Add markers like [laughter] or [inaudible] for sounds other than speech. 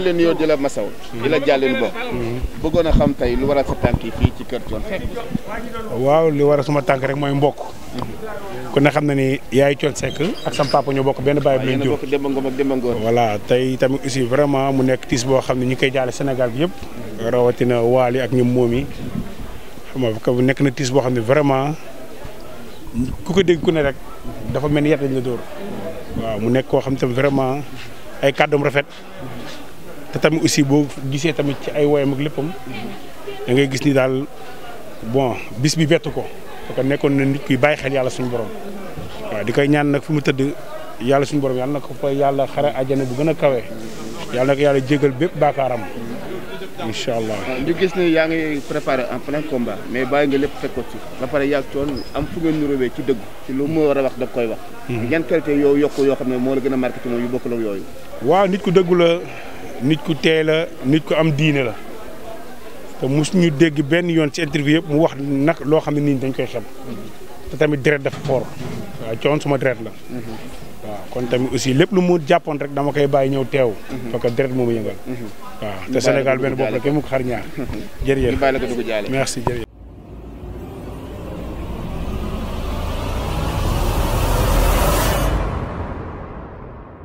leen yoo di la masaw di la jàllin ba bëggoon a xam tey lu waral sa tànk yi ci kër Thione waaw li waral suma tànk rek mooy mbokk kon na xam ne ni yaay Thione Seck ak sam ñu bokk benn baay bu leen jur voilà tey tamit aussi vraiment mu nekk tiis boo xam ne ñi koy jaale Sénégal yëpp rawatina Waly ak ñoom moom yi xam nekk na tiis boo xam ne vraiment ku ko dégg ku ne rek dafa mel ni yet lañ la dóor waaw mu nekk koo xam ne vraiment ay kàddoom rafet te tamit aussi boo gisee tamit ci ay woyam ak léppam da ngay gis ni daal bon bis bi bettu ko parce nekkoon na nit kuy bàyyi xel yàlla suñu borom waaw di koy ñaan nag fu mu tëdd yàlla suñu borom yàlla na ko fa yàlla xare àjjana bu gën a kawe yàlla na yàlla jégal bépp baakaaram incha allah ñu gis ne yaa ngi préparé en plein combat mais bàyyi nga lépp fekkoon ci ba pare yàgg coon am fu ngeen niróowee ci dëgg ci lu mu war a wax da koy wax. Mhm. yan qualité yow yokku yoo xam ne moo la gën a marqué ci moom yu bokkul ak nit ku tey la nit ku am diine la te mos ñu dégg benn yoon ci interview yëpp mu wax nag loo xam ne nii dañ koy xem te tamit deret dafa foor waaw coon suma deret la kon tamit aussi lépp lu mu jàppoon rek dama koy bàyyi ñëw teew parce que deret moo a yëngal waaw te Sénégal benn bopp la kenn mu ko xar ñaar [laughs] jërëjëf merci jërëjëf